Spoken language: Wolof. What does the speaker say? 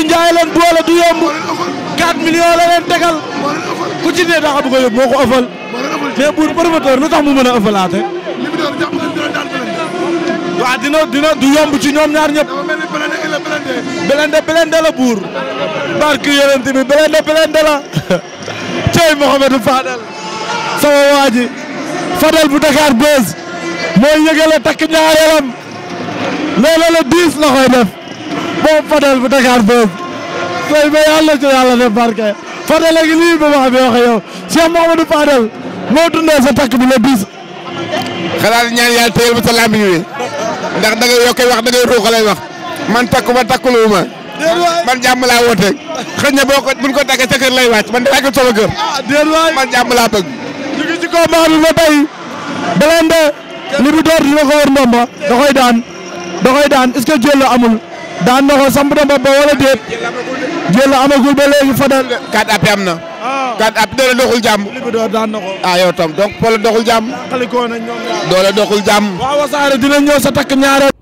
Modou Ndiaye leen boole du yomb 4 millions la leen tegal ku ci ne daa xam ko moo ko ëffal mais buur promoteur lu tax mu mën a ëffalaate. waaw dina du yomb ci ñoom ñaar ñëpp. Blindé Blindé buur. barke yonent bi Blindé Blindé Cey Mouhamadou Fadel. sama waa ji bu Dakar Buzz. mooy yëgale takk ñaareelam. loolu la 10 la koy def. boobu Fadel bu Dakar boobu sooy ba yàlla ci yàlla def barke Fadel ak lii ba wax bi wax yow Cheikh Mouhamadou Fadel moo dundee sa takk bi la bis. xalaat ñaan yàlla téyel ba sa làmmiñ wi ndax da ngay yokkee wax da ngay ruux lay wax man takku ba takkulu ma man jàmm laa woote xëy na boo ko buñ ko takkee sa kër lay wàcc man dafa ko sama kër ah, man jàmm laa bëgg ñu ngi ci combat bi ba tey Blindé Libidor dina ko wër ndomba da koy daan da koy daan est daan na ko samp na bopp ba wala déet. jël amagul ba léegi Fadel de. quatre appuis am na. Ah. quatre appuis doole doxul jàmm. Libidor daan ko. ah yow tam donc Pawla doxul jàmm. doole doxul jàmm. dina ñëw sa takk ñaareel.